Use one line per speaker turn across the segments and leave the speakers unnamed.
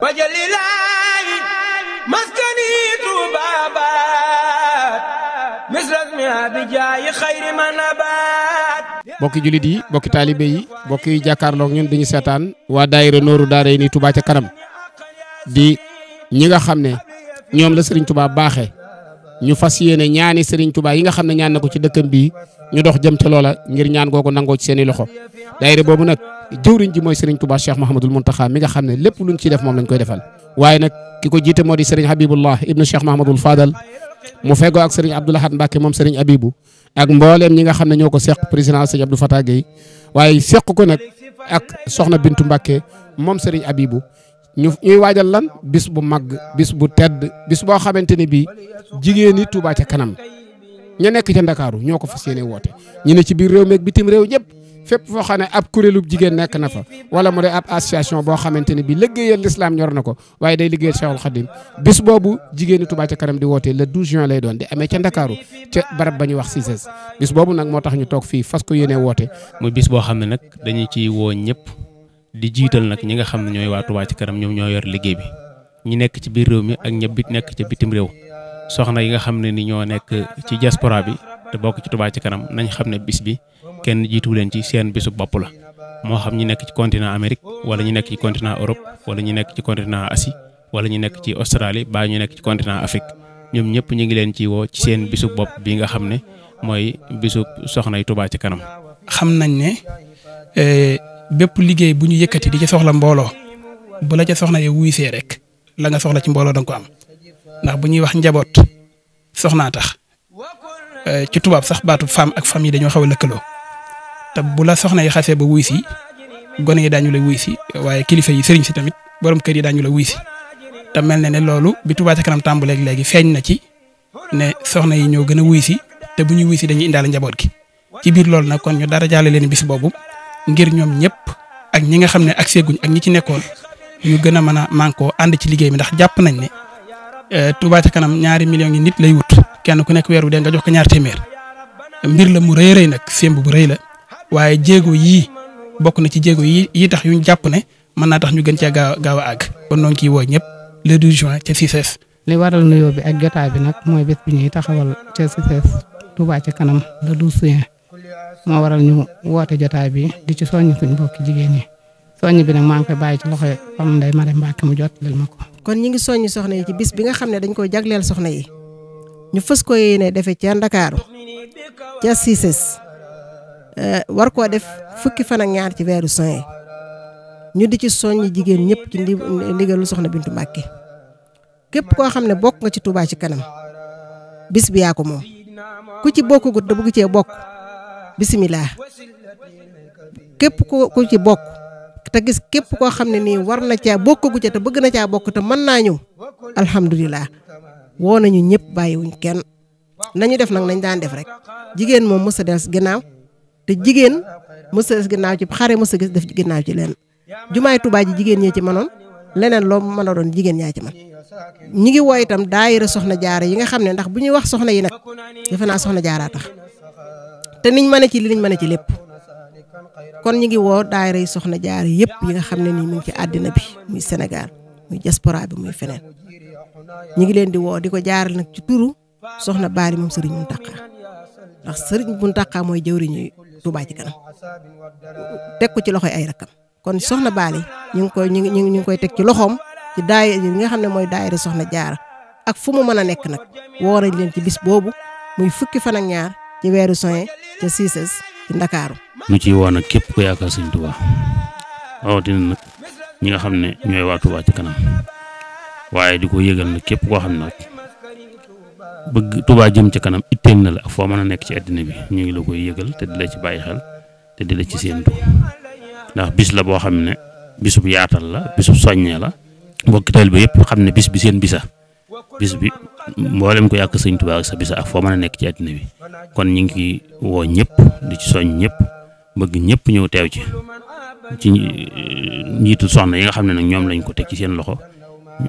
wajalilaayi maskani tuubaabaat misrasmi abijaayi xayri manabaat bokki jullit yi bokki taalibe yi bokki jàkkaarloog ñun dañu seetaan waa daayira nooru daara yi nii Touba ca kanam di ñi nga xam ne ñoom la Serigne Touba baaxe ñu fas yéene ñaani Serigne tubaay yi nga xam ne ñaan na ko ci dëkkam bii ñu dox jëm ca loola ngir ñaan googu nangoo ci seeni loxo loxo daayira boobu nag jëwriñ ji mooy Serigne Touba Cheikh Mahamadul Muntaxa mi nga xam ne lépp luñ ciy def moom lañ koy defal waaye nag ki ko jiite moo di Serigne Habibullah ibnu Cheikh Mahamadul Fadal mu feggoo ak Serigne Abdoul Ahad Mbacke moom Serigne Habibou ak mbooleem ñi nga xam ne ñoo ko seq président Serigne Abdou Fatah Gueye waaye seq ko nag ak soxna Bintu Mbacke moom Serigne Habibou ñu ñuy waajal lan bis bu mag bis bu tedd bis boo xamante ne bii jigéen ñi Touba ca kanam ña nekk ca Ndakaaru ñoo ko fas yéene woote. ñu ne ci biir réew meeg bitim réew ñëpp fépp foo xam ne ab kuréelub jigéen nekk na fa wala mu de ab association boo xamante ne bii liggéeyal lislaam ñor na ko waaye day liggéeyal Cheikhul Khadim bis boobu jigéen ñi Touba ca kanam di woote le 12 juin lay doon di amee ca Ndakaaru ca barab ba ñuy wax Cissesse bis boobu nag moo tax ñu toog fii fas ko yéene woote. muy bis boo xam ne nag dañu ci woo ñëpp. di jiital nag ñi nga xam ne ñooy waa Touba ci kanam ñoom ñoo yor liggéey bi ñi nekk ci biir réew mi ak ñëpp nekk ca bitim réew soxna yi nga xam ne ni ñoo nekk ci diaspora bi te bokk ci Touba ci kanam nañ xam ne bis bi kenn jiitu leen ci seen bisu bopp la moo xam ñi nekk ci continent Amérique wala ñu nekk ci continent Europe wala ñu nekk ci continent Asie wala ñu nekk ci Australie baa ñu nekk ci continent Afrique ñoom ñëpp ñu ngi leen ci woo ci seen bisu bopp bi nga xam ne mooy bisu soxna yi ci kanam Euh, bépp liggéey bu ñu yëkkati di ci soxla mbooloo bu la ca soxna yow wuy see rek la nga soxla ci mbooloo danga ko am ndax bu ñuy wax njaboot soxnaa tax euh, ci tubaab sax baatu femme ak famille dañoo xaw a lëkkaloo te bu la soxna yi xasee ba wuy si gone yi daañu la wuy si waaye kilifa yi sëriñ si tamit borom kër yi daañu la wuy te mel na ne loolu bi Touba ca tàmbalee léegi feeñ na ci ne soxna yi ñoo gën a wuy si te bu ñuy wuy si dañuy indaale njaboot gi ci biir loolu nag kon ñu dara jaale leen bis boobu ngir ñoom ñëpp ak ñi nga xam ne ak ak ñi ci nekkoon ñu gën a mën a mànkoo ànd ci liggéey bi ndax jàpp nañ ne euh, Touba ca kanam ñaari million yi nit lay wut kenn ku nekk weer wu dee nga jox ko ñaar téeméer mbir la mu rëy rëy nag sémb bu rëy la waaye jéego yi bokk na ci jéego yi yi tax yuñ jàpp ne mën naa tax ñu gën cee gaaw gaaw a àgg kon noo ciy woo ñëpp le du juin ca CICES. li waral nuyoo bi ak jotaay bi nag mooy bés bi ñuy taxawal
ca CICES Touba ca kanam moo waral ñu woote jotaay bi di ci soññ suñ mbokki jigéen ñi soññ bi nag maa ngi koy bàyyi ci loxo soxna Ndeye Marème Mbacke mu jot leen ma ko. kon ñi ngi soññ soxna yi ci bis bi nga xam ne dañ koy jagleel soxna yi ñu fës ko defee ca Ndakaaru ca war koo def fukki fan ñaar ci weeru soin ñu di ci soññ jigéen ñëpp ci ndigalu soxna Bintu Mbacke képp koo xam ne bokk nga ci Touba ci kanam bis bi yaa ko moom ku ci bokkugut te bëgg cee bokk. bisimilah képp ko ko ci bokk te gis képp koo xam ne nii war na caa bokkagu ca te bëgg na caa bokk te mën naa ñëw alhamdulilah woo nañu ñëpp bàyyiwuñ kenn nañu def nag nañ daan def rek jigéen moom mës a des te jigéen mës a des ci xare mës a gis def ginnaaw ci leen jumaay Tuubaa ji jigéen ñee ci mënoon leneen loo mën a doon jigéen ñaa ci man ñi ngi woo itam daayira soxna jaara yi nga xam ne ndax bu ñuy wax soxna yi nag defe naa soxna jaaraa te niñ mën a ci li niñ mën a ci lépp kon ñu ngi woo daayira soxna jaar yëpp yi nga xam ne nii mu ngi ci àddina bi muy Sénégal muy diaspora bi muy feneen ñi ngi leen di woo di ko jaaral nag ci turu soxna Bally moom Serigne Mountakha ndax Serigne Mountakha mooy jëwriñu Touba ci kanam teg ko ci loxoy ay rakam kon soxna Bally ñu ngi koy ñu ngi ñu ngi koy teg ci loxoom ci daayira yi nga xam ne mooy daayira soxna jaara ak fu mu mën a nekk nag woo nañ leen ci bis boobu muy fukki fan ak ñaar ci weeru soin ca Cissés ci Ndakaaru
ñu ciy woon nag képp ku yaakaar sëñ Touba rawatina nag ñi nga xam ne ñooy waa Touba ci kanam waaye di ko yëgal nag képp koo xam ne nag bëgg Touba jëm ca kanam itteel na la foo mën a nekk ci àddina bi ñu ngi la koy yëgal te di la ci bàyyi xel te di la ci séentu ndax bis la boo xam ne bisub yaatal la bisub soññee la mbokki taalibe bi yëpp xam ne bis bi seen bisa bis bi mboolem ko yàq sëñ Tuubaa sa bisa ak foo mën a nekk ci àddina bi kon ñu ngi woo ñëpp di ci soñ ñëpp bëgg ñëpp ñëw teew ci ci njiitu soxna yi nga xam ne nag ñoom lañ ko teg ci seen loxo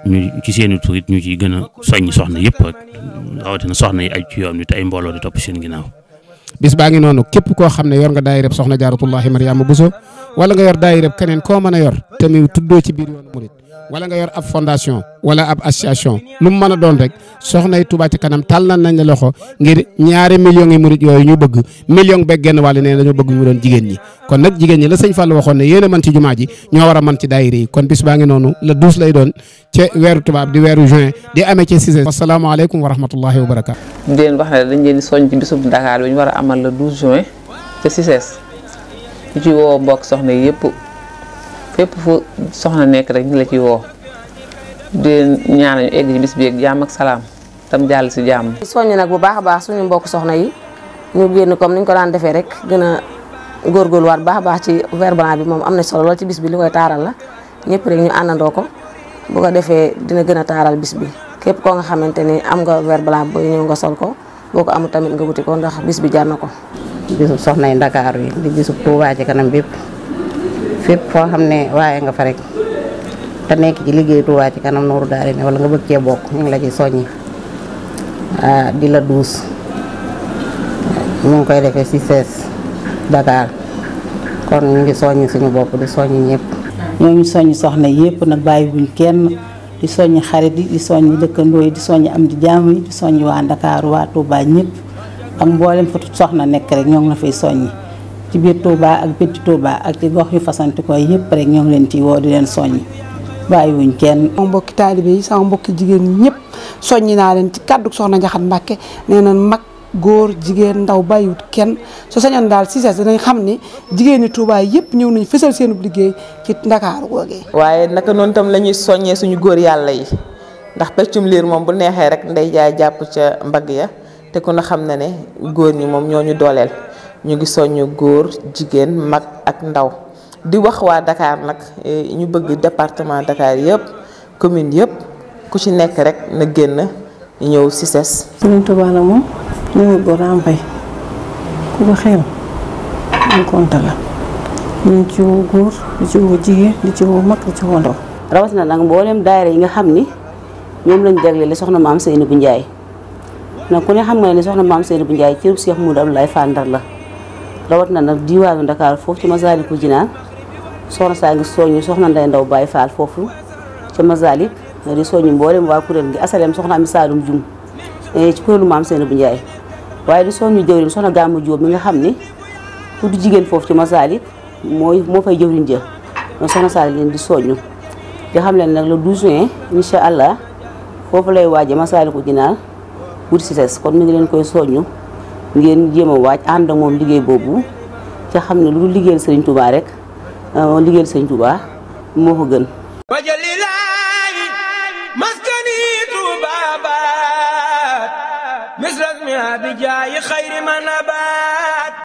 ñu ci seeni tur it ñu ciy gën a soññ soxna yëpp rek rawatina soxna yi aju ci yoon wi te ay mbooloo di topp seen ginnaaw. bis baa ngi noonu képp koo xam ne yor nga daayirab soxna jaaratullahi Mariama Buso wala nga yor daayirab keneen koo mën a yor te muy tuddoo ci biir yoonu murit wala nga yor ab fondation wala ab association lu mu mën a doon rek soxnay Touba ci kanam tàllal nañ la loxo ngir ñaari millions yi murit yooyu ñu bëgg million beeg genn wàll nee dañoo bëgg ñu doon jigéen ñi kon nag jigéen ñi la sëñ Fall waxoon ne yéen man mën ci jumaa ji ñoo war a mën ci daayira yi kon bis baa ngi noonu la lay doon ca weeru tubaab di weeru juin di amee ci Cissé asalaamaaleykum wa rahmatullahi wa barakaatu ñu leen wax dañ di soñ ci bisub Dakar bi ñu war a amal le 12 juin ca Cissé
ñu ci woo mbokk soxna yëpp fépp fu soxna nekk rek ñu la ci woo di ñaanal ñu egg ci bis bi ak jàmm ak salaam tam jàll si jàmm. soññ nag bu baax a baax suñu mbokk soxna yi ñu génn comme niñ ko daan defee rek gën a góorgóorluwaat bu baax baax ci verre blanc bi moom am na solo lool ci bis bi li koy taaral la ñëpp rek ñu àndandoo ko bu ko defee dina gën a taaral bis bi képp koo nga xamante ni am nga verre blanc ñëw nga sol ko boo ko amul tamit nga wuti ko ndax bis bi jar na ko. bisub soxna yi Ndakaaru yi di bisub Tuubaa fépp foo xam ne waaye nga fa rek te nekk ci liggéey Touba ci kanam Nourou Darayni wala nga bëgg cee bokk ñu ngi la ci soññi ah, di la duus ñu ngi koy defee si sees Dakar kon ñu ngi soññi suñu bopp di soññi ñëpp. ñoo ñu soññi soxna yëpp bàyyi kenn di soññi xarit yi di soññi dëkkandoo yi di soññi am di jàmm yi waa Ndakaaru waa Touba ñëpp ak mboolem fa soxna nekk rek ñoo ngi la soññi. ci biir Touba ak bitti Touba ak ci gox yu fasanti koy yëpp rek ñoo leen ciy woo di leen soññi bàyyiwuñ kenn. sama mbokki taalibe yi sama mbokki jigéen ñi ñëpp soññi naa leen ci kàddu soxna Ndiakhate Mbacke nee na mag góor jigéen ndaw bàyyiwut kenn su sañoon daal si ses xam ni jigéeni ñi Touba yëpp ñëw nañ fësal seen liggéey ci Ndakaaru googee. waaye naka noonu tam la ñuy soññee suñu góor yàlla yi ndax peccum liir moom bu neexee rek ndey jàpp ca mbagg ya te ku ne xam na ne góor ñi moom ñoo ñu dooleel ñu ngi soññu góor jigéen mag ak ndaw di wax waa Dakar nag eh, ñu bëgg département Dakar yëpp commune yëpp ku ci nekk rek na génn ñëw si ses Serigne Touba la moom ñëwee bu ràmpay ñu konta la ñu ci woo góor di ci woo jigéen di ci woo mag di ci woo ndaw nag mboolem daayira yi nga xam ni ñoom lañ jagleel soxna maam Seynabou Ndiaye nag ku ne xam nga ne soxna maam Seynabou Ndiaye cërub Cheikh Moudou Abdoulaye Fall Ndar la rawat na nag diwaanu Dakar foofu ci Masaalikul Jinaan soxna saa ngi soññu soxna Ndey Ndaw Baye Fall foofu ca Masaalik di soññu mboolem waa kuréel gi asalem soxna Ami Saalum Jum eh, ci maam seen bu Njaay waaye di soññu jëwriñ soxna Gàmmu Jóob mi nga xam ni pour di jigéen foofu ci Masaalik mooy moo fay jëwriñ jë soxna saa leen di soññu di xam leen nag le 12 juin incha allah foofu lay waaje Masaalikul Jinaan wuti si kon mi ngi leen koy soññu ngeen jéem a waaj ànd moom liggéey boobu ca xam ne lu liggéeyal sëriñ Touba rek euh, liggéeyal sëriñ Touba moo ko gën wajalilaahi maskani Touba baat misras mi abijaayi xayri man abaat